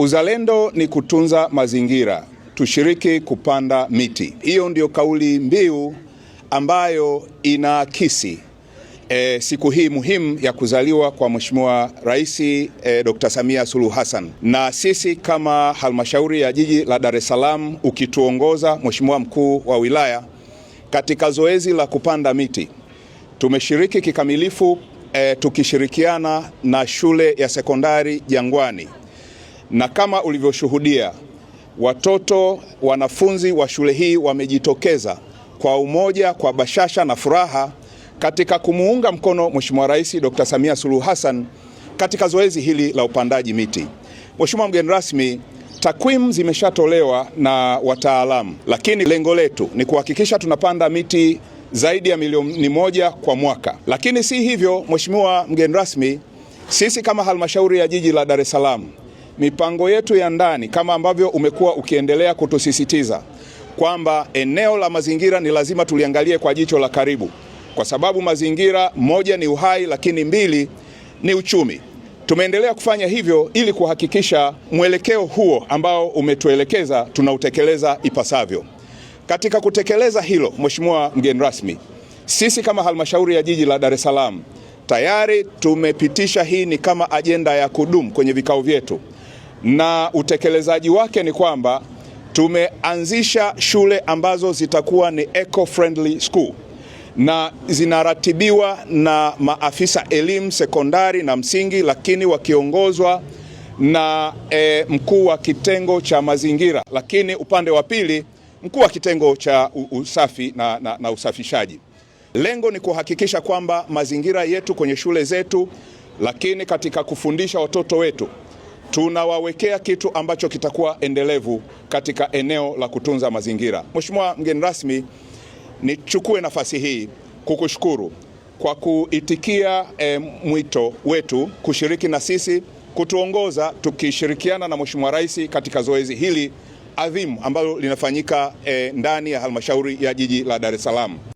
Uzalendo ni kutunza mazingira, tushiriki kupanda miti. Hiyo ndio kauli mbiu ambayo inaakisi e, siku hii muhimu ya kuzaliwa kwa Mheshimiwa Rais e, eh, Dr. Samia Suluhu Hassan. Na sisi kama halmashauri ya jiji la Dar es Salaam, ukituongoza Mheshimiwa mkuu wa wilaya katika zoezi la kupanda miti, tumeshiriki kikamilifu e, tukishirikiana na shule ya sekondari Jangwani na kama ulivyoshuhudia, watoto wanafunzi wa shule hii wamejitokeza kwa umoja, kwa bashasha na furaha katika kumuunga mkono Mheshimiwa Rais Dr. Samia Suluhu Hassan katika zoezi hili la upandaji miti. Mheshimiwa mgeni rasmi, takwimu zimeshatolewa na wataalamu, lakini lengo letu ni kuhakikisha tunapanda miti zaidi ya milioni moja kwa mwaka. Lakini si hivyo, Mheshimiwa mgeni rasmi, sisi kama halmashauri ya jiji la Dar es Salaam mipango yetu ya ndani kama ambavyo umekuwa ukiendelea kutusisitiza kwamba eneo la mazingira ni lazima tuliangalie kwa jicho la karibu, kwa sababu mazingira, moja, ni uhai, lakini mbili, ni uchumi. Tumeendelea kufanya hivyo ili kuhakikisha mwelekeo huo ambao umetuelekeza tunautekeleza ipasavyo. Katika kutekeleza hilo, Mheshimiwa mgeni rasmi, sisi kama halmashauri ya jiji la Dar es Salaam tayari tumepitisha, hii ni kama ajenda ya kudumu kwenye vikao vyetu na utekelezaji wake ni kwamba tumeanzisha shule ambazo zitakuwa ni eco friendly school na zinaratibiwa na maafisa elimu sekondari na msingi, lakini wakiongozwa na e, mkuu wa kitengo cha mazingira, lakini upande wa pili mkuu wa kitengo cha usafi na, na, na usafishaji. Lengo ni kuhakikisha kwamba mazingira yetu kwenye shule zetu, lakini katika kufundisha watoto wetu tunawawekea kitu ambacho kitakuwa endelevu katika eneo la kutunza mazingira. Mheshimiwa mgeni rasmi, nichukue nafasi hii kukushukuru kwa kuitikia e, mwito wetu kushiriki na sisi kutuongoza tukishirikiana na Mheshimiwa Rais katika zoezi hili adhimu ambalo linafanyika e, ndani ya halmashauri ya jiji la Dar es Salaam.